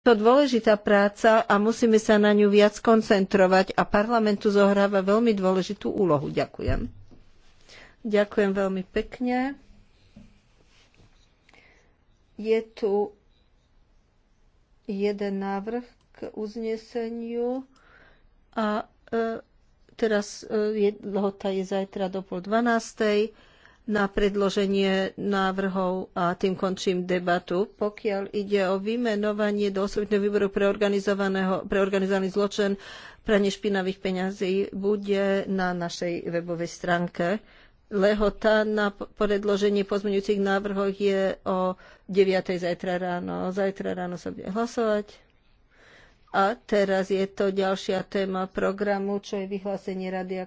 to dôležitá práca a musíme sa na ňu viac koncentrovať a parlament tu zohráva veľmi dôležitú úlohu. Ďakujem. Ďakujem veľmi pekne. Je tu jeden návrh k uzneseniu a e, teraz e, je, lhota je zajtra do pol dvanástej na predloženie návrhov a tým končím debatu. Pokiaľ ide o vymenovanie do osobitného výboru pre, pre organizovaný zločin pranie špinavých peňazí, bude na našej webovej stránke. Lehota na predloženie pozmeňujúcich návrhov je o 9. zajtra ráno. Zajtra ráno sa bude hlasovať. A teraz je to ďalšia téma programu, čo je vyhlásenie Rady